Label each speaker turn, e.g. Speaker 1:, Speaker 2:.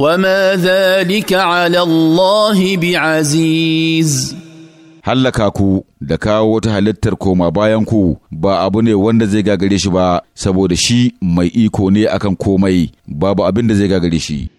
Speaker 1: وما ذلك على الله بعزيز hallaka ku da kawo wata halittar koma bayan ku ba abu ne wanda zai gagare shi ba saboda shi mai iko ne akan komai babu abin da zai gagare shi